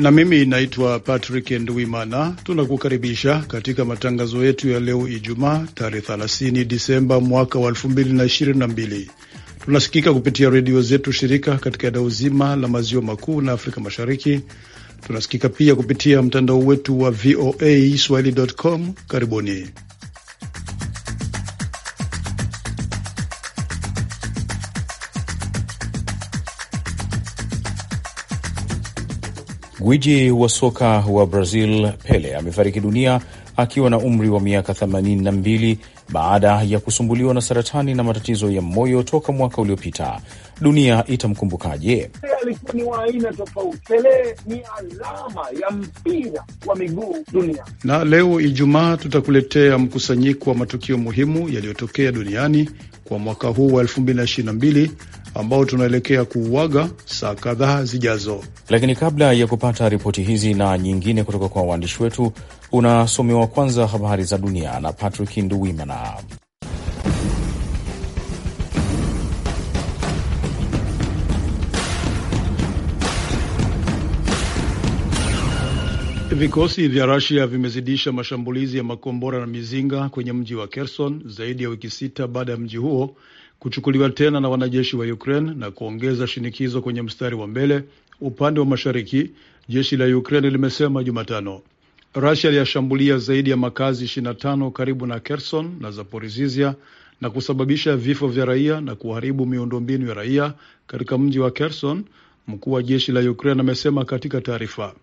na mimi naitwa Patrick nduimana Tunakukaribisha katika matangazo yetu ya leo Ijumaa, tarehe 30 Disemba mwaka wa 2022. Tunasikika kupitia redio zetu shirika katika eneo zima la maziwa makuu na Afrika Mashariki. Tunasikika pia kupitia mtandao wetu wa VOA swahili.com. Karibuni. Gwiji wa soka wa Brazil Pele amefariki dunia akiwa na umri wa miaka 82 baada ya kusumbuliwa na saratani na matatizo ya moyo toka mwaka uliopita. Dunia itamkumbukaje? Alikuwa ni wa aina tofauti. Pele ni alama ya mpira wa miguu dunia. Na leo Ijumaa tutakuletea mkusanyiko wa matukio muhimu yaliyotokea duniani kwa mwaka huu wa 2022 ambao tunaelekea kuuaga saa kadhaa zijazo. Lakini kabla ya kupata ripoti hizi na nyingine kutoka kwa waandishi wetu, unasomewa kwanza habari za dunia na Patrick Nduwimana. Vikosi vya Rusia vimezidisha mashambulizi ya makombora na mizinga kwenye mji wa Kherson zaidi ya wiki sita baada ya mji huo kuchukuliwa tena na wanajeshi wa Ukraine na kuongeza shinikizo kwenye mstari wa mbele upande wa mashariki, jeshi la Ukraine limesema Jumatano. rasia iliyashambulia zaidi ya makazi 25 karibu na Kherson na Zaporizhzhia na kusababisha vifo vya raia na kuharibu miundombinu ya raia katika mji wa Kherson, mkuu wa jeshi la Ukraine amesema katika taarifa.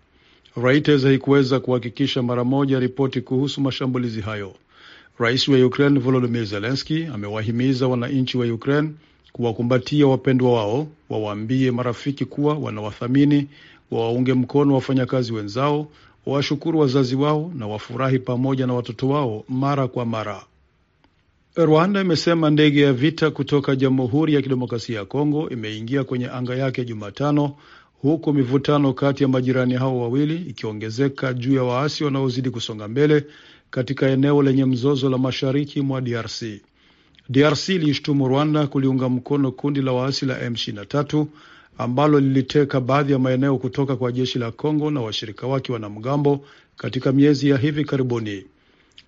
Reuters haikuweza kuhakikisha mara moja ripoti kuhusu mashambulizi hayo. Rais wa Ukraine Volodymyr Zelensky amewahimiza wananchi wa Ukraine kuwakumbatia wapendwa wao, wawaambie marafiki kuwa wanawathamini, wawaunge mkono wafanyakazi wenzao, wawashukuru wazazi wao na wafurahi pamoja na watoto wao mara kwa mara. Rwanda imesema ndege ya vita kutoka Jamhuri ya Kidemokrasia ya Kongo imeingia kwenye anga yake Jumatano, huku mivutano kati ya majirani hao wawili ikiongezeka juu ya waasi wanaozidi kusonga mbele katika eneo lenye mzozo la mashariki mwa DRC. DRC ilishtumu Rwanda kuliunga mkono kundi la waasi la M23 ambalo liliteka baadhi ya maeneo kutoka kwa jeshi la Kongo na washirika wake wanamgambo katika miezi ya hivi karibuni.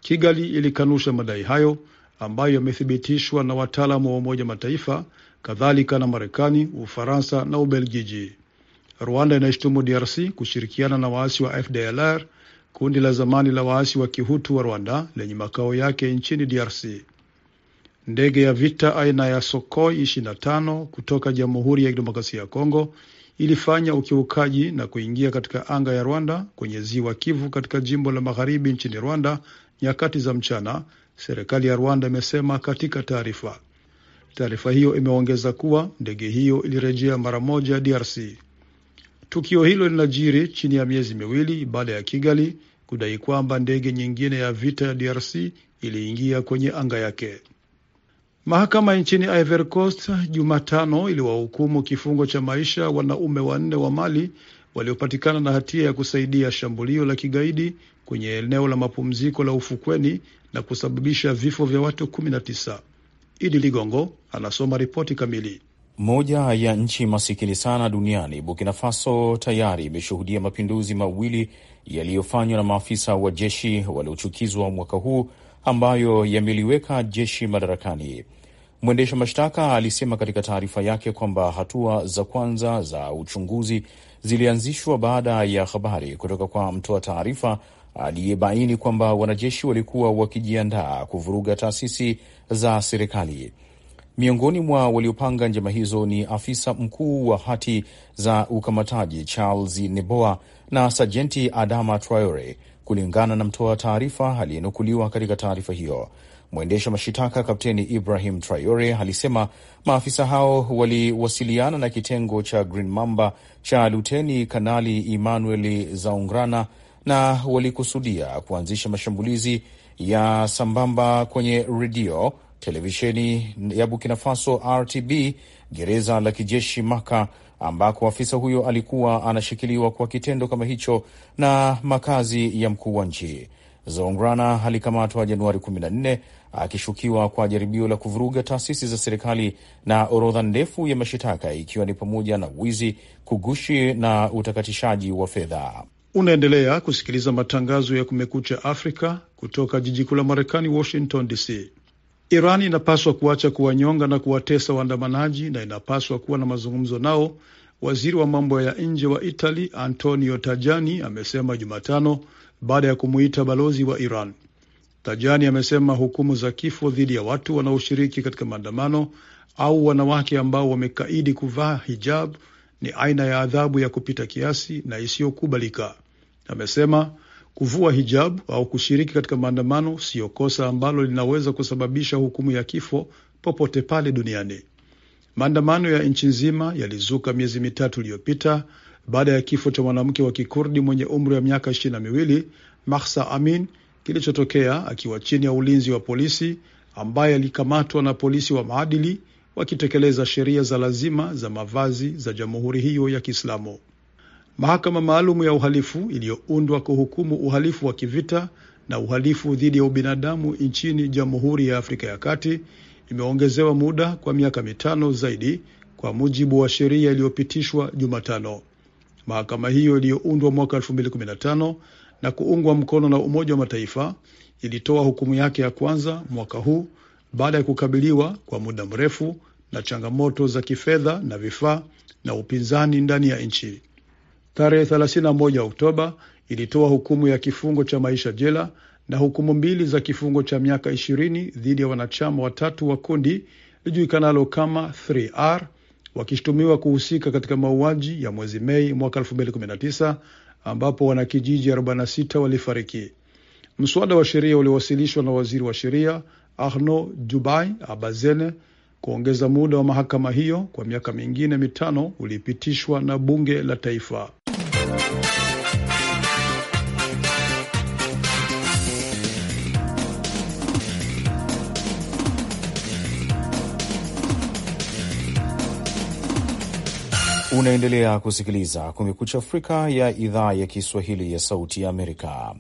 Kigali ilikanusha madai hayo ambayo yamethibitishwa na wataalamu wa Umoja Mataifa, kadhalika na Marekani, Ufaransa na Ubelgiji. Rwanda inaishtumu DRC kushirikiana na waasi wa FDLR kundi la zamani la waasi wa kihutu wa Rwanda lenye makao yake nchini DRC. Ndege ya vita aina ya Sokoi 25 kutoka Jamhuri ya Kidemokrasia ya Kongo ilifanya ukiukaji na kuingia katika anga ya Rwanda kwenye ziwa Kivu katika jimbo la magharibi nchini Rwanda nyakati za mchana, serikali ya Rwanda imesema katika taarifa. Taarifa hiyo imeongeza kuwa ndege hiyo ilirejea mara moja DRC. Tukio hilo linajiri chini ya miezi miwili baada ya Kigali kudai kwamba ndege nyingine ya vita ya DRC iliingia kwenye anga yake. Mahakama nchini Ivory Coast Jumatano iliwahukumu kifungo cha maisha wanaume wanne wa Mali waliopatikana na hatia ya kusaidia shambulio la kigaidi kwenye eneo la mapumziko la ufukweni na kusababisha vifo vya watu 19. Idi Ligongo anasoma ripoti kamili. Moja ya nchi masikini sana duniani, Burkina Faso tayari imeshuhudia mapinduzi mawili yaliyofanywa na maafisa wa jeshi waliochukizwa mwaka huu ambayo yameliweka jeshi madarakani. Mwendesha mashtaka alisema katika taarifa yake kwamba hatua za kwanza za uchunguzi zilianzishwa baada ya habari kutoka kwa mtoa taarifa aliyebaini kwamba wanajeshi walikuwa wakijiandaa kuvuruga taasisi za serikali. Miongoni mwa waliopanga njama hizo ni afisa mkuu wa hati za ukamataji Charles Neboa na sajenti Adama Traore, kulingana na mtoa taarifa aliyenukuliwa katika taarifa hiyo. Mwendesha mashitaka Kapteni Ibrahim Traore alisema maafisa hao waliwasiliana na kitengo cha Green Mamba cha Luteni Kanali Emmanuel Zaungrana na walikusudia kuanzisha mashambulizi ya sambamba kwenye redio televisheni ya Burkina Faso RTB gereza la kijeshi Maka ambako afisa huyo alikuwa anashikiliwa kwa kitendo kama hicho na makazi ya mkuu wa nchi. Zongrana alikamatwa Januari 14 akishukiwa kwa jaribio la kuvuruga taasisi za serikali na orodha ndefu ya mashitaka ikiwa ni pamoja na wizi, kugushi na utakatishaji wa fedha. Unaendelea kusikiliza matangazo ya Kumekucha Afrika kutoka jiji kuu la Marekani, Washington DC. Iran inapaswa kuacha kuwanyonga na kuwatesa waandamanaji na inapaswa kuwa na mazungumzo nao, waziri wa mambo ya nje wa Itali Antonio Tajani amesema Jumatano baada ya kumuita balozi wa Iran. Tajani amesema hukumu za kifo dhidi ya watu wanaoshiriki katika maandamano au wanawake ambao wamekaidi kuvaa hijab ni aina ya adhabu ya kupita kiasi na isiyokubalika. Amesema Kuvua hijabu au kushiriki katika maandamano siyo kosa ambalo linaweza kusababisha hukumu ya kifo popote pale duniani. Maandamano ya nchi nzima yalizuka miezi mitatu iliyopita baada ya kifo cha mwanamke wa Kikurdi mwenye umri wa miaka ishirini na miwili Mahsa Amin kilichotokea akiwa chini ya ulinzi wa polisi ambaye alikamatwa na polisi wa maadili wakitekeleza sheria za lazima za mavazi za jamhuri hiyo ya Kiislamu. Mahakama maalum ya uhalifu iliyoundwa kuhukumu uhalifu wa kivita na uhalifu dhidi ya ubinadamu nchini Jamhuri ya Afrika ya Kati imeongezewa muda kwa miaka mitano zaidi kwa mujibu wa sheria iliyopitishwa Jumatano. Mahakama hiyo iliyoundwa mwaka 2015 na kuungwa mkono na Umoja wa Mataifa ilitoa hukumu yake ya kwanza mwaka huu baada ya kukabiliwa kwa muda mrefu na changamoto za kifedha na vifaa na upinzani ndani ya nchi tarehe 31 Oktoba ilitoa hukumu ya kifungo cha maisha jela na hukumu mbili za kifungo cha miaka ishirini dhidi ya wanachama watatu wa kundi lijulikanalo kama 3R wakishutumiwa kuhusika katika mauaji ya mwezi Mei mwaka 2019 ambapo wanakijiji 46 walifariki. Mswada wa sheria uliowasilishwa na waziri wa sheria Arno Jubai Abazene kuongeza muda wa mahakama hiyo kwa miaka mingine mitano ulipitishwa na bunge la taifa. Unaendelea kusikiliza Kumekucha Afrika ya idhaa ya Kiswahili ya Sauti ya Amerika.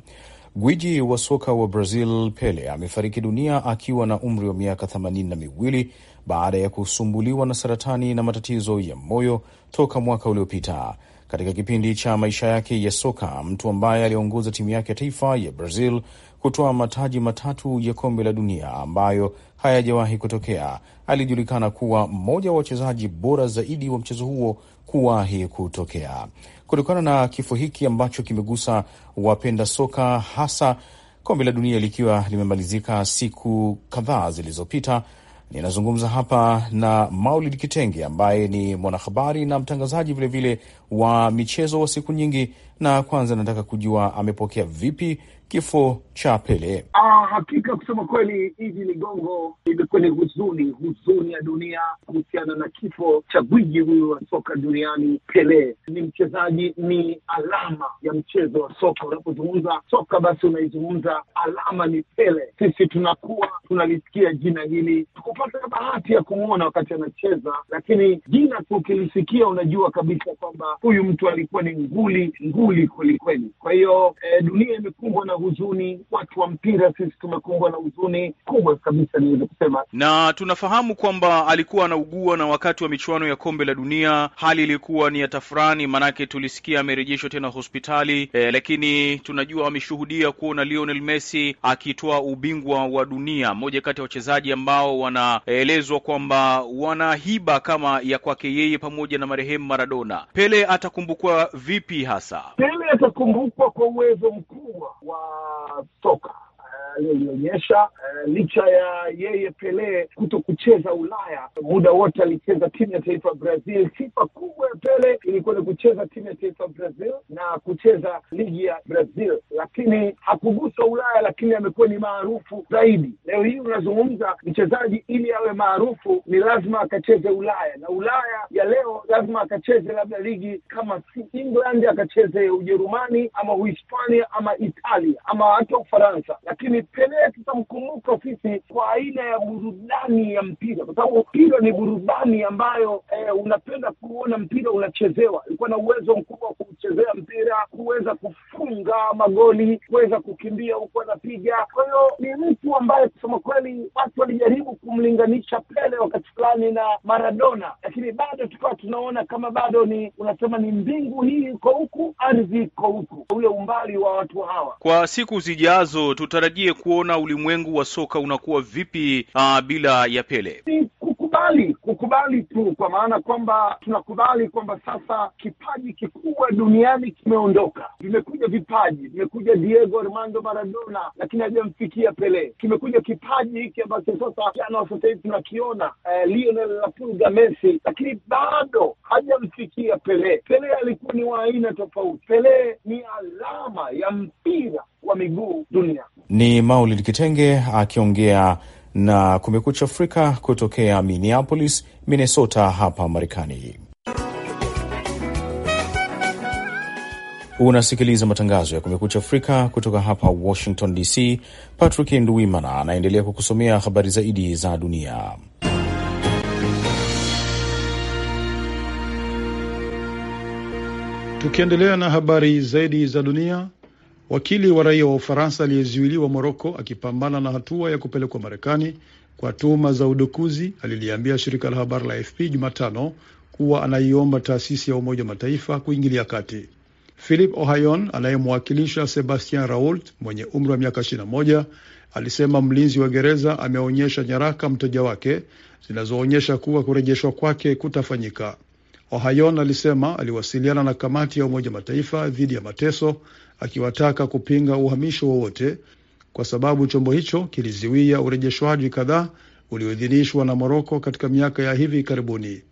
Gwiji wa soka wa Brazil Pele amefariki dunia akiwa na umri wa miaka themanini na miwili baada ya kusumbuliwa na saratani na matatizo ya moyo toka mwaka uliopita katika kipindi cha maisha yake ya soka, mtu ambaye aliongoza timu yake ya taifa ya Brazil kutoa mataji matatu ya kombe la dunia ambayo hayajawahi kutokea. Alijulikana kuwa mmoja wa wachezaji bora zaidi wa mchezo huo kuwahi kutokea. Kutokana na kifo hiki ambacho kimegusa wapenda soka hasa kombe la dunia likiwa limemalizika siku kadhaa zilizopita, Ninazungumza hapa na Maulid Kitenge ambaye ni mwanahabari na mtangazaji vilevile vile wa michezo wa siku nyingi, na kwanza nataka kujua amepokea vipi kifo cha Pele. Ah, hakika kusema kweli, Idi Ligongo, imekuwa ni huzuni, huzuni ya dunia kuhusiana na kifo cha gwiji huyu wa soka duniani Pele. Ni mchezaji, ni alama ya mchezo wa soka. Unapozungumza soka, basi unaizungumza alama, ni Pele. Sisi tunakuwa tunalisikia jina hili, tukupata bahati ya kumwona wakati anacheza, lakini jina tu ukilisikia unajua kabisa kwamba huyu mtu alikuwa ni nguli, nguli kwelikweli. Kwa hiyo eh, dunia imekumbwa na huzuni, watu wa mpira sisi tumekumbwa na huzuni kubwa kabisa, niweze kusema. Na tunafahamu kwamba alikuwa anaugua, na wakati wa michuano ya kombe la dunia hali ilikuwa ni ya tafurani, maanake tulisikia amerejeshwa tena hospitali eh, lakini tunajua ameshuhudia kuona Lionel Messi akitoa ubingwa wa dunia, mmoja kati ya wachezaji ambao wanaelezwa kwamba wana hiba kama ya kwake yeye pamoja na marehemu Maradona. Pele atakumbukwa vipi hasa? Pele atakumbukwa kwa uwezo mkubwa wa tocar. aliyoionyesha uh, licha ya yeye Pele kuto kucheza Ulaya muda wote, alicheza timu ya taifa Brazil. Sifa kubwa ya Pele ilikuwa ni kucheza timu ya taifa Brazil na kucheza ligi ya Brazil, lakini hakugusa Ulaya, lakini amekuwa ni maarufu zaidi. Leo hii unazungumza mchezaji, ili awe maarufu ni lazima akacheze Ulaya, na Ulaya ya leo lazima akacheze labda ligi kama si England, akacheze Ujerumani ama Uhispania ama Italia ama hata Ufaransa, lakini ni Pele tutamkumbuka sisi kwa aina ya burudani ya mpira, kwa sababu mpira ni burudani ambayo eh, unapenda kuona mpira unachezewa. Ilikuwa na uwezo mkubwa wa kuchezea mpira, kuweza kufunga magoli, kuweza kukimbia huku anapiga. Kwa hiyo ni mtu ambaye kusema kweli watu walijaribu kumlinganisha Pele wakati fulani na Maradona, lakini bado tukawa tunaona kama bado ni unasema ni mbingu hii iko huku, ardhi iko huku, ule umbali wa watu hawa. Kwa siku zijazo tutarajie kuona ulimwengu wa soka unakuwa vipi uh, bila ya Pele? kukubali, kukubali tu, kwa maana kwamba tunakubali kwamba sasa kipaji kikubwa duniani kimeondoka. Vimekuja vipaji, vimekuja Diego Armando Maradona, lakini hajamfikia Pele. Kimekuja kipaji hiki ambacho sasa jana wa sasa hivi tunakiona, eh, Lionel Lapulga Messi, lakini bado hajamfikia Pele. Pele alikuwa ni wa aina tofauti. Pele ni alama ya mpira wa miguu duniani. Ni Maulid Kitenge akiongea na Kumekucha Afrika kutokea Minneapolis, Minnesota, hapa Marekani. Unasikiliza matangazo ya Kumekucha Afrika kutoka hapa Washington DC. Patrick Nduwimana anaendelea kukusomea habari zaidi za dunia. Tukiendelea na habari zaidi za dunia, Wakili wa raia wa Ufaransa aliyezuiliwa Moroko akipambana na hatua ya kupelekwa Marekani kwa tuhuma za udukuzi aliliambia shirika la habari la FP Jumatano kuwa anaiomba taasisi ya Umoja Mataifa kuingilia kati. Philip Ohayon anayemwakilisha Sebastien Raoult mwenye umri wa miaka 21 alisema mlinzi wa gereza ameonyesha nyaraka mteja wake zinazoonyesha kuwa kurejeshwa kwake kutafanyika. Ohayon alisema aliwasiliana na kamati ya Umoja Mataifa dhidi ya mateso akiwataka kupinga uhamisho wowote kwa sababu chombo hicho kiliziwia urejeshwaji kadhaa ulioidhinishwa na Moroko katika miaka ya hivi karibuni.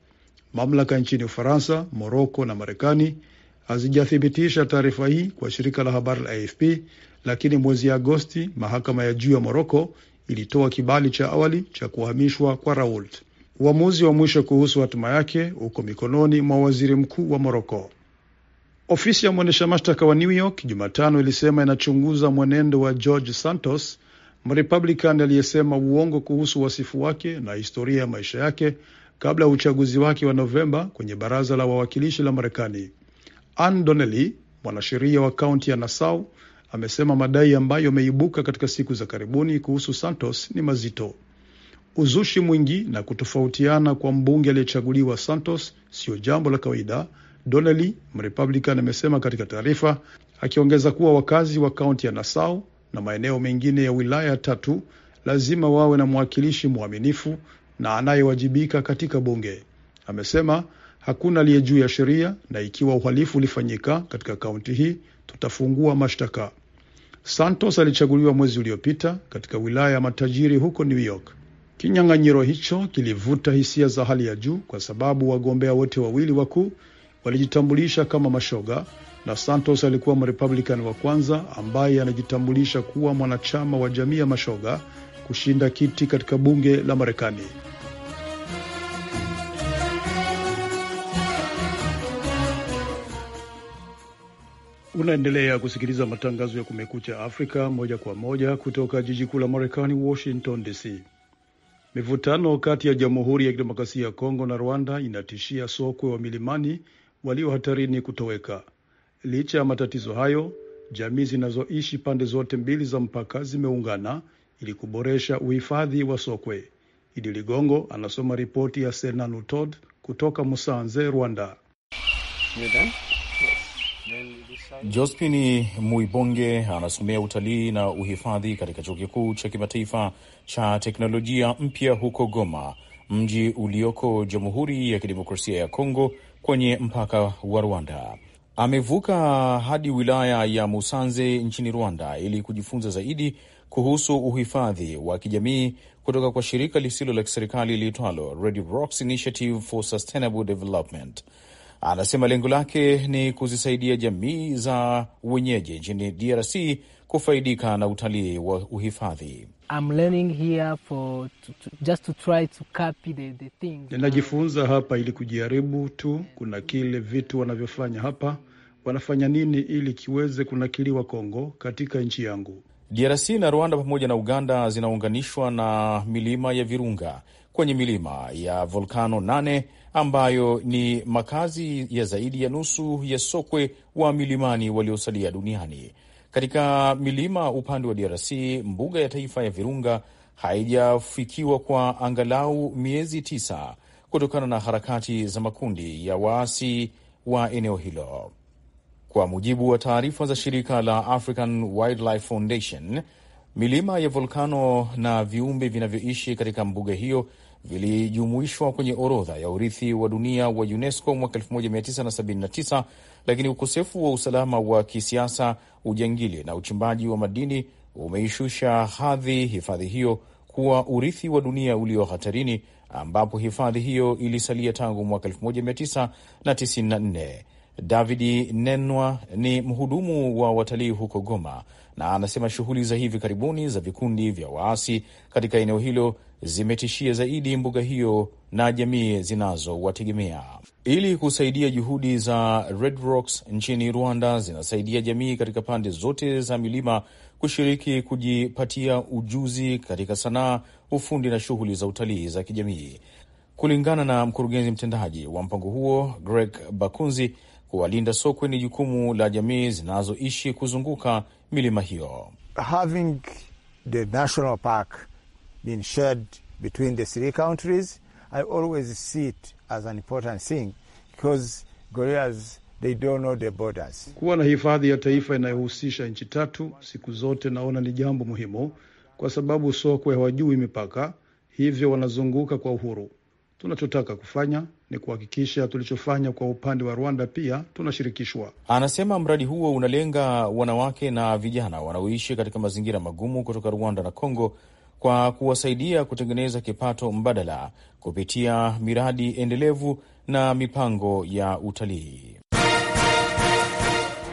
Mamlaka nchini Ufaransa, Moroko na Marekani hazijathibitisha taarifa hii kwa shirika la habari la AFP, lakini mwezi Agosti mahakama ya juu ya Moroko ilitoa kibali cha awali cha kuhamishwa kwa Raoult. Uamuzi wa mwisho kuhusu hatima yake uko mikononi mwa waziri mkuu wa Moroko. Ofisi ya mwendesha mashtaka wa New York Jumatano ilisema inachunguza mwenendo wa George Santos, Mrepublican aliyesema uongo kuhusu wasifu wake na historia ya maisha yake kabla ya uchaguzi wake wa Novemba kwenye baraza la wawakilishi la Marekani. Ann Donnelly, mwanasheria wa kaunti ya Nassau, amesema madai ambayo yameibuka katika siku za karibuni kuhusu Santos ni mazito. Uzushi mwingi na kutofautiana kwa mbunge aliyechaguliwa Santos sio jambo la kawaida, Donnelly, Mrepublican, amesema katika taarifa, akiongeza kuwa wakazi wa kaunti ya Nassau na maeneo mengine ya wilaya tatu lazima wawe na mwakilishi mwaminifu na anayewajibika katika bunge. Amesema hakuna aliye juu ya sheria na ikiwa uhalifu ulifanyika katika kaunti hii tutafungua mashtaka. Santos alichaguliwa mwezi uliopita katika wilaya ya matajiri huko New York. Kinyang'anyiro hicho kilivuta hisia za hali ya juu kwa sababu wagombea wote wawili wakuu walijitambulisha kama mashoga na Santos alikuwa mrepublikani wa kwanza ambaye anajitambulisha kuwa mwanachama wa jamii ya mashoga kushinda kiti katika bunge la Marekani. Unaendelea kusikiliza matangazo ya Kumekucha Afrika moja kwa moja kutoka jiji kuu la Marekani, Washington DC. Mivutano kati ya Jamhuri ya Kidemokrasia ya Kongo na Rwanda inatishia sokwe wa milimani walio hatarini kutoweka. Licha ya matatizo hayo, jamii zinazoishi pande zote mbili za mpaka zimeungana ili kuboresha uhifadhi wa sokwe. Idi Ligongo anasoma ripoti ya Senanu Todd kutoka Musanze, Rwanda. Jospini Muibonge anasomea utalii na uhifadhi katika chuo kikuu cha kimataifa cha teknolojia mpya huko Goma, mji ulioko Jamhuri ya Kidemokrasia ya Kongo, kwenye mpaka wa Rwanda. Amevuka hadi wilaya ya Musanze nchini Rwanda ili kujifunza zaidi kuhusu uhifadhi wa kijamii kutoka kwa shirika lisilo la kiserikali liitwalo Red Rocks Initiative for Sustainable Development. Anasema lengo lake ni kuzisaidia jamii za wenyeji nchini DRC kufaidika na utalii wa uhifadhi. Ninajifunza hapa ili kujaribu tu kuna kile vitu wanavyofanya hapa, wanafanya nini ili kiweze kunakiliwa Kongo katika nchi yangu. DRC na Rwanda pamoja na Uganda zinaunganishwa na milima ya Virunga kwenye milima ya volkano nane ambayo ni makazi ya zaidi ya nusu ya sokwe wa milimani waliosalia duniani. Katika milima upande wa DRC, mbuga ya taifa ya Virunga haijafikiwa kwa angalau miezi tisa kutokana na harakati za makundi ya waasi wa eneo hilo. Kwa mujibu wa taarifa za shirika la African Wildlife Foundation, milima ya volkano na viumbe vinavyoishi katika mbuga hiyo vilijumuishwa kwenye orodha ya urithi wa dunia wa UNESCO mwaka 1979 lakini ukosefu wa usalama wa kisiasa, ujangili na uchimbaji wa madini umeishusha hadhi hifadhi hiyo kuwa urithi wa dunia ulio hatarini, ambapo hifadhi hiyo ilisalia tangu mwaka 1994. David Nenwa ni mhudumu wa watalii huko Goma na anasema shughuli za hivi karibuni za vikundi vya waasi katika eneo hilo zimetishia zaidi mbuga hiyo na jamii zinazowategemea. Ili kusaidia juhudi za Red Rocks nchini Rwanda zinasaidia jamii katika pande zote za milima kushiriki kujipatia ujuzi katika sanaa, ufundi na shughuli za utalii za kijamii. Kulingana na mkurugenzi mtendaji wa mpango huo Greg Bakunzi, Kuwalinda sokwe ni jukumu la jamii zinazoishi kuzunguka milima hiyo. Having the national park shared between the three countries, I always see it as an important thing because gorillas they don't know the borders. Kuwa na hifadhi ya taifa inayohusisha nchi tatu siku zote naona ni jambo muhimu kwa sababu sokwe hawajui mipaka, hivyo wanazunguka kwa uhuru. Tunachotaka kufanya ni kuhakikisha tulichofanya kwa upande wa Rwanda pia tunashirikishwa. Anasema mradi huo unalenga wanawake na vijana wanaoishi katika mazingira magumu kutoka Rwanda na Kongo kwa kuwasaidia kutengeneza kipato mbadala kupitia miradi endelevu na mipango ya utalii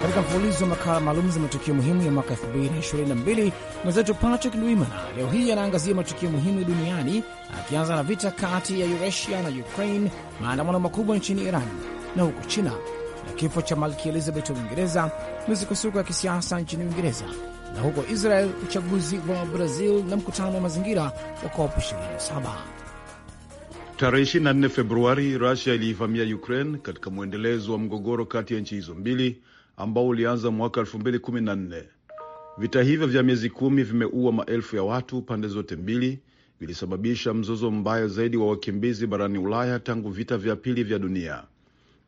katika mfululizo wa makala maalum za matukio muhimu ya mwaka 2022. Mwenzetu Patrick Ndwimana leo hii anaangazia matukio muhimu duniani, akianza na vita kati ya Rusia na Ukraine, maandamano makubwa nchini Iran na huko China, na kifo cha Malkia Elizabeth wa Uingereza, misukosuko ya kisiasa nchini Uingereza na huko Israel, uchaguzi wa Brazil na mkutano wa mazingira wa COP27. Tarehe 24 Februari, Rusia iliivamia Ukraine katika mwendelezo wa mgogoro kati ya nchi hizo mbili ambao ulianza mwaka 2014. Vita hivyo vya miezi kumi vimeua maelfu ya watu pande zote mbili, vilisababisha mzozo mbaya zaidi wa wakimbizi barani Ulaya tangu vita vya pili vya dunia.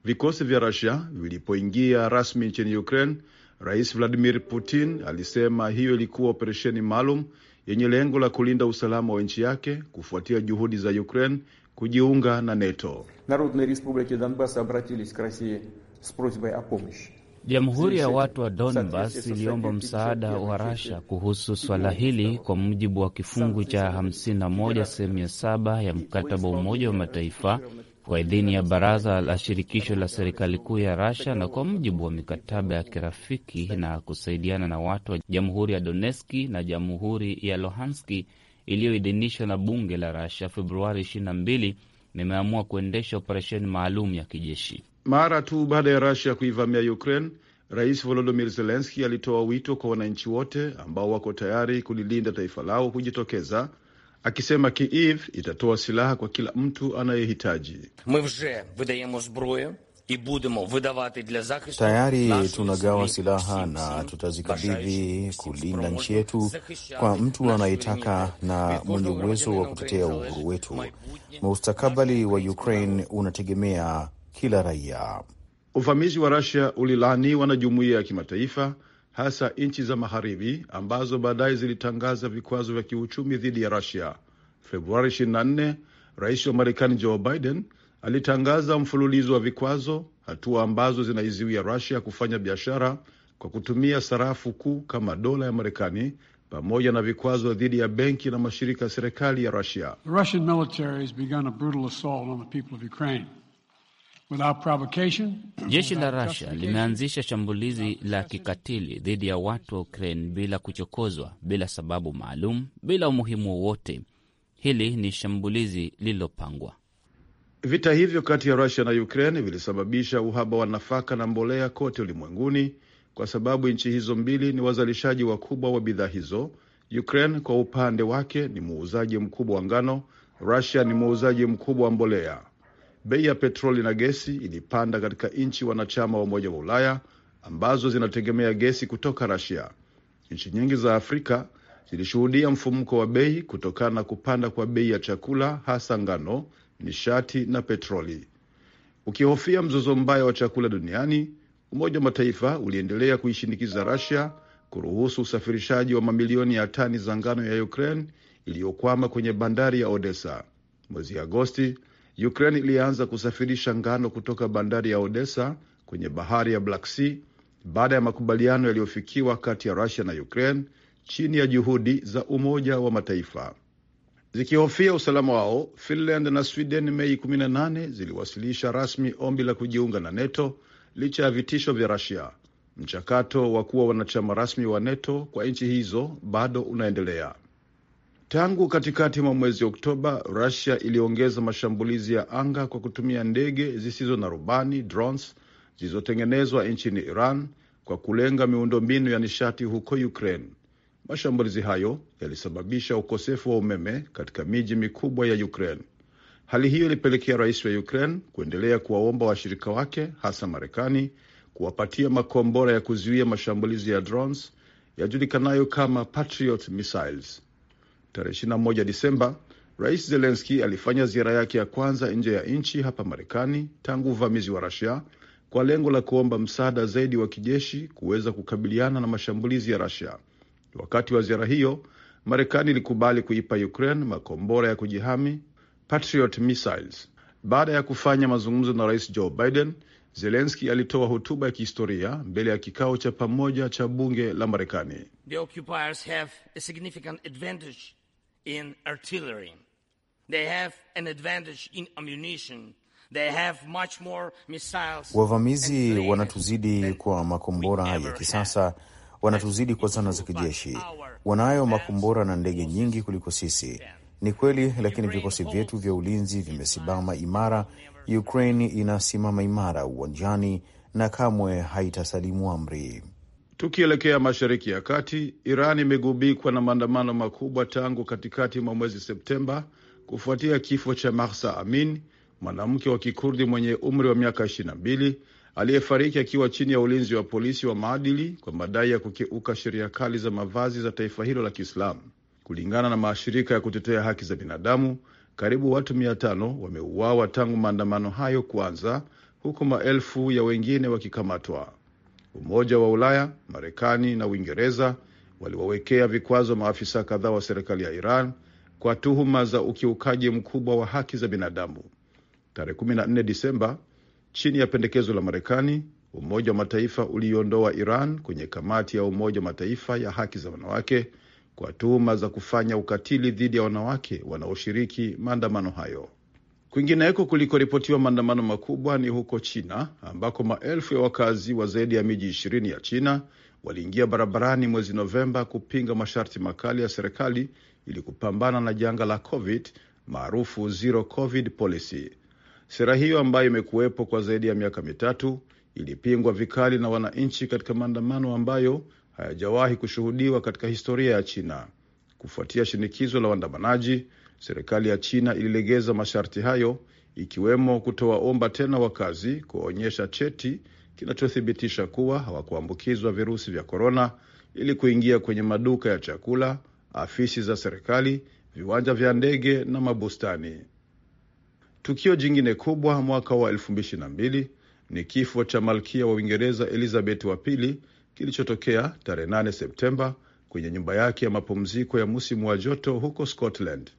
Vikosi vya Russia vilipoingia rasmi nchini Ukraine, Rais Vladimir Putin alisema hiyo ilikuwa operesheni maalum yenye lengo la kulinda usalama wa nchi yake kufuatia juhudi za Ukraine kujiunga na NATO. Narodные республики Донбасса obratilis k Rossii s prosbay o помощи. Jamhuri ya watu wa Donbas iliomba msaada wa Rasha kuhusu swala hili kwa mujibu wa kifungu cha 51 sehemu ya saba ya mkataba wa Umoja wa Mataifa kwa idhini ya baraza la shirikisho la serikali kuu ya Rasha na kwa mujibu wa mikataba ya kirafiki na kusaidiana na watu wa jamhuri ya doneski na jamhuri ya lohanski iliyoidhinishwa na bunge la Rasha Februari 22, nimeamua kuendesha operesheni maalum ya kijeshi. Mara tu baada ya Russia kuivamia Ukraine, Rais volodomir zelenski alitoa wito kwa wananchi wote ambao wako tayari kulilinda taifa lao kujitokeza, akisema Kiev itatoa silaha kwa kila mtu anayehitaji. Tayari tunagawa silaha na tutazikabidhi kulinda nchi yetu kwa mtu anayetaka na mwenye uwezo wa kutetea uhuru wetu. Mustakabali wa Ukraine unategemea kila raia. Uvamizi wa rasia ulilaaniwa na jumuiya ya kimataifa, hasa nchi za magharibi ambazo baadaye zilitangaza vikwazo vya kiuchumi dhidi ya rasia Februari 24, rais wa Marekani Joe Biden alitangaza mfululizo wa vikwazo, hatua ambazo zinaiziwia rasia kufanya biashara kwa kutumia sarafu kuu kama dola ya Marekani pamoja na vikwazo dhidi ya benki na mashirika ya serikali ya rasia Jeshi la rasia limeanzisha shambulizi la kikatili dhidi ya watu wa Ukraine bila kuchokozwa, bila sababu maalum, bila umuhimu wowote. Hili ni shambulizi lililopangwa. Vita hivyo kati ya rasia na Ukraine vilisababisha uhaba wa nafaka na mbolea kote ulimwenguni, kwa sababu nchi hizo mbili ni wazalishaji wakubwa wa, wa bidhaa hizo. Ukraine kwa upande wake ni muuzaji mkubwa wa ngano, rusia ni muuzaji mkubwa wa mbolea. Bei ya petroli na gesi ilipanda katika nchi wanachama wa Umoja wa Ulaya ambazo zinategemea gesi kutoka Rasia. Nchi nyingi za Afrika zilishuhudia mfumko wa bei kutokana na kupanda kwa bei ya chakula, hasa ngano, nishati na petroli. Ukihofia mzozo mbaya wa chakula duniani, Umoja wa Mataifa uliendelea kuishinikiza Rasia kuruhusu usafirishaji wa mamilioni ya tani za ngano ya Ukraine iliyokwama kwenye bandari ya Odessa. Mwezi Agosti, Ukraine ilianza kusafirisha ngano kutoka bandari ya Odessa kwenye bahari ya Black Sea baada ya makubaliano yaliyofikiwa kati ya Rusia na Ukraine chini ya juhudi za Umoja wa Mataifa. Zikihofia usalama wao, Finland na Sweden Mei 18 ziliwasilisha rasmi ombi la kujiunga na NATO licha ya vitisho vya rasia Mchakato wa kuwa wanachama rasmi wa NATO kwa nchi hizo bado unaendelea. Tangu katikati mwa mwezi Oktoba, Rusia iliongeza mashambulizi ya anga kwa kutumia ndege zisizo na rubani drones zilizotengenezwa nchini Iran kwa kulenga miundombinu ya nishati huko Ukraine. Mashambulizi hayo yalisababisha ukosefu wa umeme katika miji mikubwa ya Ukraine. Hali hiyo ilipelekea rais wa Ukraine kuendelea kuwaomba washirika wake hasa Marekani kuwapatia makombora ya kuzuia mashambulizi ya drones yajulikanayo kama Patriot missiles. Tarehe 21 Disemba, Rais Zelenski alifanya ziara yake ya kwanza nje ya nchi hapa Marekani tangu uvamizi wa Rusia kwa lengo la kuomba msaada zaidi wa kijeshi kuweza kukabiliana na mashambulizi ya Rusia. Wakati wa ziara hiyo, Marekani ilikubali kuipa Ukraine makombora ya kujihami Patriot missiles. Baada ya kufanya mazungumzo na Rais Joe Biden, Zelenski alitoa hotuba ya kihistoria mbele ya kikao cha pamoja cha bunge la Marekani. The occupiers have a significant advantage in artillery. They have an advantage in ammunition. They have much more missiles. Wavamizi wanatuzidi kwa makombora ya kisasa, wanatuzidi kwa zana za kijeshi. Wanayo makombora na ndege nyingi kuliko sisi. Ni kweli, lakini vikosi vyetu vya ulinzi vimesimama imara. Ukraine inasimama imara uwanjani na kamwe haitasalimu amri. Tukielekea mashariki ya kati, Iran imegubikwa na maandamano makubwa tangu katikati mwa mwezi Septemba kufuatia kifo cha Mahsa Amin, mwanamke wa kikurdi mwenye umri wa miaka 22 aliyefariki akiwa chini ya ulinzi wa polisi wa maadili kwa madai ya kukiuka sheria kali za mavazi za taifa hilo la Kiislamu. Kulingana na mashirika ya kutetea haki za binadamu, karibu watu mia wameuawa tangu maandamano hayo kuanza, huku maelfu ya wengine wakikamatwa. Umoja wa Ulaya, Marekani na Uingereza waliwawekea vikwazo maafisa kadhaa wa serikali ya Iran kwa tuhuma za ukiukaji mkubwa wa haki za binadamu. Tarehe 14 Disemba, chini ya pendekezo la Marekani, Umoja wa Mataifa uliiondoa Iran kwenye kamati ya Umoja wa Mataifa ya haki za wanawake kwa tuhuma za kufanya ukatili dhidi ya wanawake wanaoshiriki maandamano hayo. Kwingineko kulikoripotiwa maandamano makubwa ni huko China ambako maelfu ya wakazi wa zaidi ya miji ishirini ya China waliingia barabarani mwezi Novemba kupinga masharti makali ya serikali ili kupambana na janga la COVID maarufu zero COVID policy. Sera hiyo ambayo imekuwepo kwa zaidi ya miaka mitatu ilipingwa vikali na wananchi katika maandamano ambayo hayajawahi kushuhudiwa katika historia ya China. Kufuatia shinikizo la waandamanaji, Serikali ya China ililegeza masharti hayo, ikiwemo kutowaomba tena wakazi kuonyesha cheti kinachothibitisha kuwa hawakuambukizwa virusi vya korona ili kuingia kwenye maduka ya chakula, afisi za serikali, viwanja vya ndege na mabustani. Tukio jingine kubwa mwaka wa 2022 ni kifo cha malkia wa Uingereza Elizabeth wa pili kilichotokea tarehe 8 Septemba kwenye nyumba yake ya mapumziko ya msimu wa joto huko Scotland.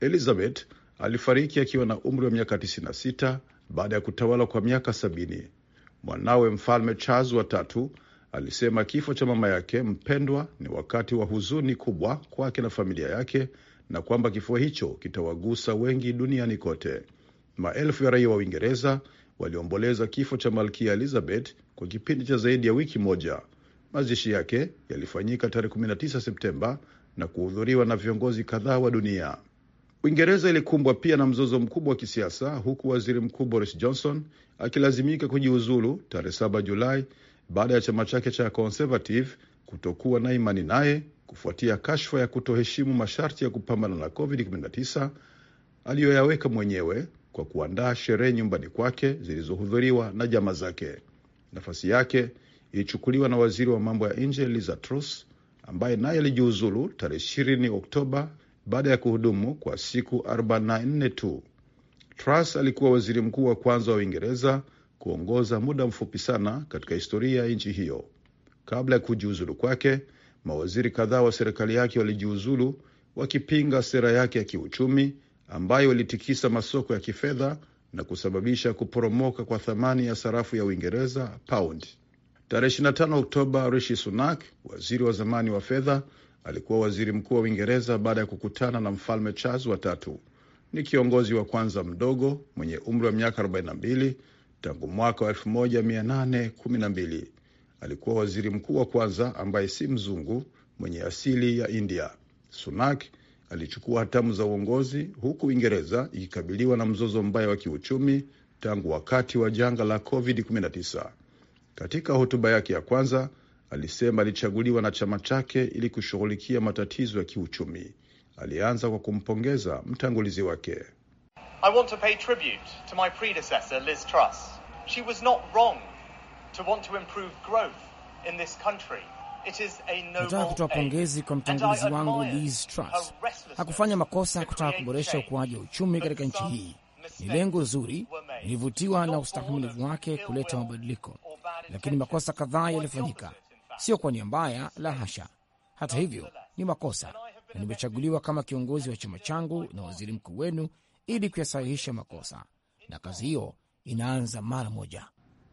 Elizabeth alifariki akiwa na umri wa miaka 96 baada ya kutawala kwa miaka sabini. Mwanawe Mfalme Charles wa tatu alisema kifo cha mama yake mpendwa ni wakati wa huzuni kubwa kwake na familia yake na kwamba kifo hicho kitawagusa wengi duniani kote. Maelfu ya raia wa Uingereza waliomboleza kifo cha Malkia Elizabeth kwa kipindi cha zaidi ya wiki moja. Mazishi yake yalifanyika tarehe 19 Septemba na kuhudhuriwa na viongozi kadhaa wa dunia. Uingereza ilikumbwa pia na mzozo mkubwa wa kisiasa huku waziri mkuu Boris Johnson akilazimika kujiuzulu tarehe 7 Julai baada ya chama chake cha Conservative kutokuwa na imani naye kufuatia kashfa ya kutoheshimu masharti ya kupambana na COVID-19 aliyoyaweka mwenyewe kwa kuandaa sherehe nyumbani kwake zilizohudhuriwa na jamaa zake. Nafasi yake ilichukuliwa na waziri wa mambo ya nje Liza Truss ambaye naye alijiuzulu tarehe 20 Oktoba baada ya kuhudumu kwa siku 44 tu. Truss alikuwa waziri mkuu wa kwanza wa Uingereza kuongoza muda mfupi sana katika historia ya nchi hiyo. Kabla ya kujiuzulu kwake, mawaziri kadhaa wa serikali yake walijiuzulu wakipinga sera yake ya kiuchumi ambayo ilitikisa masoko ya kifedha na kusababisha kuporomoka kwa thamani ya sarafu ya Uingereza, pound. Tarehe 25 Oktoba, Rishi Sunak, waziri wa zamani wa fedha, alikuwa waziri mkuu wa Uingereza baada ya kukutana na mfalme Charles watatu. Ni kiongozi wa kwanza mdogo mwenye umri wa miaka 42 tangu mwaka wa 1812. Alikuwa waziri mkuu wa kwanza ambaye si mzungu mwenye asili ya India. Sunak alichukua hatamu za uongozi huku Uingereza ikikabiliwa na mzozo mbaya wa kiuchumi tangu wakati wa janga la COVID-19. Katika hotuba yake ya kwanza alisema alichaguliwa na chama chake ili kushughulikia matatizo ya kiuchumi. Alianza kwa kumpongeza mtangulizi wake. I want to pay tribute to my predecessor Liz Truss. She was not wrong to want to improve growth in this country. Nataka kutoa pongezi kwa mtangulizi wangu Liz Truss. Hakufanya makosa kutaka kuboresha ukuaji wa uchumi katika nchi hii. Ni lengo zuri, nilivutiwa na ustahimilivu wake kuleta mabadiliko, lakini makosa kadhaa yalifanyika sio kwa nia mbaya, la hasha. Hata hivyo, ni makosa na nimechaguliwa kama kiongozi wa chama changu na waziri mkuu wenu ili kuyasahihisha makosa, na kazi hiyo inaanza mara moja.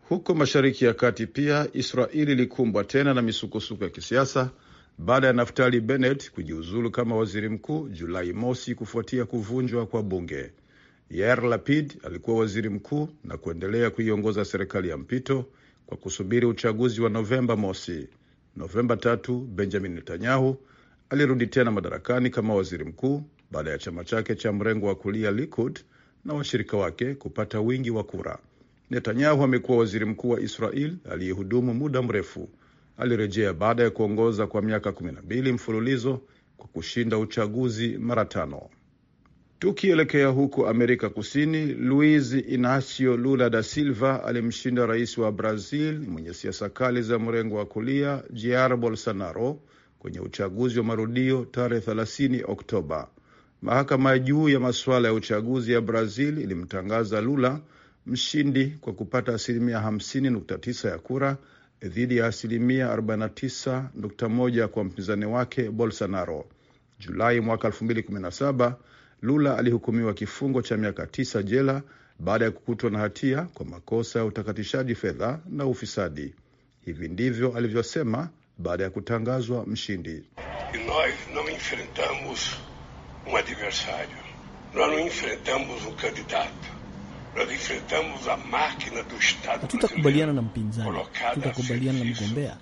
Huko Mashariki ya Kati pia Israeli ilikumbwa tena na misukosuko ya kisiasa baada ya Naftali Bennett kujiuzulu kama waziri mkuu Julai mosi kufuatia kuvunjwa kwa bunge. Yair Lapid alikuwa waziri mkuu na kuendelea kuiongoza serikali ya mpito kwa kusubiri uchaguzi wa Novemba mosi. Novemba tatu, Benjamin Netanyahu alirudi tena madarakani kama waziri mkuu baada ya chama chake cha mrengo wa kulia Likud na washirika wake kupata wingi wa kura. Netanyahu amekuwa waziri mkuu wa Israel aliyehudumu muda mrefu. Alirejea baada ya kuongoza kwa miaka 12 mfululizo kwa kushinda uchaguzi mara tano. Tukielekea huko Amerika Kusini, Luiz Inacio Lula da Silva alimshinda rais wa Brazil mwenye siasa kali za mrengo wa kulia Jair Bolsonaro kwenye uchaguzi wa marudio tarehe 30 Oktoba. Mahakama ya juu ya masuala ya uchaguzi ya Brazil ilimtangaza Lula mshindi kwa kupata asilimia 50.9 ya kura dhidi ya asilimia 49.1 kwa mpinzani wake Bolsonaro. Julai mwaka 2017 Lula alihukumiwa kifungo cha miaka tisa jela baada ya kukutwa na hatia kwa makosa ya utakatishaji fedha na ufisadi. Hivi ndivyo alivyosema baada ya kutangazwa mshindi. Hatutakubaliana na mpinzani, tutakubaliana na mgombea.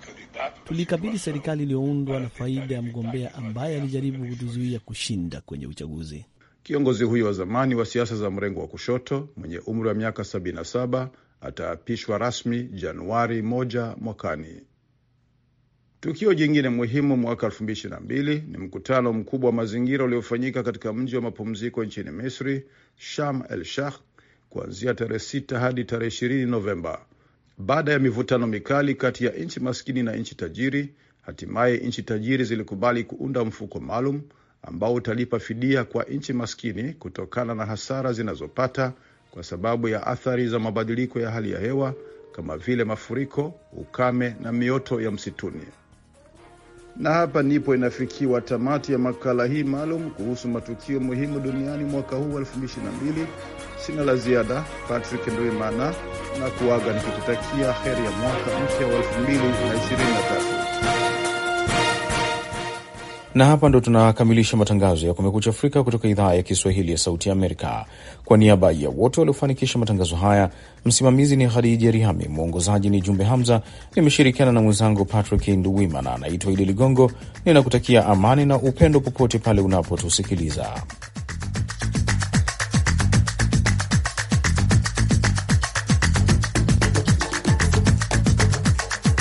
Tulikabili serikali iliyoundwa na faida ya mgombea ambaye alijaribu kutuzuia kushinda kwenye uchaguzi. Kiongozi huyo wa zamani wa siasa za mrengo wa kushoto mwenye umri wa miaka 77 ataapishwa rasmi Januari moja mwakani. Tukio jingine muhimu mwaka 2022 ni mkutano mkubwa wa mazingira uliofanyika katika mji wa mapumziko nchini Misri, Sham el Sheikh, kuanzia tarehe 6 hadi tarehe 20 Novemba. Baada ya mivutano mikali kati ya nchi maskini na nchi tajiri, hatimaye nchi tajiri zilikubali kuunda mfuko maalum ambao utalipa fidia kwa nchi maskini kutokana na hasara zinazopata kwa sababu ya athari za mabadiliko ya hali ya hewa kama vile mafuriko, ukame na mioto ya msituni. Na hapa ndipo inafikiwa tamati ya makala hii maalum kuhusu matukio muhimu duniani mwaka huu 2022. Sina la ziada. Patrick Ndwimana na kuaga nikikutakia heri ya mwaka mpya wa 2023. Na hapa ndo tunakamilisha matangazo ya Kumekucha Afrika kutoka idhaa ya Kiswahili ya Sauti ya Amerika. Kwa niaba ya wote waliofanikisha matangazo haya, msimamizi ni Hadija Rihami, mwongozaji ni Jumbe Hamza, nimeshirikiana na mwenzangu Patrick Nduwimana. Anaitwa Idi Ligongo, ninakutakia amani na upendo popote pale unapotusikiliza.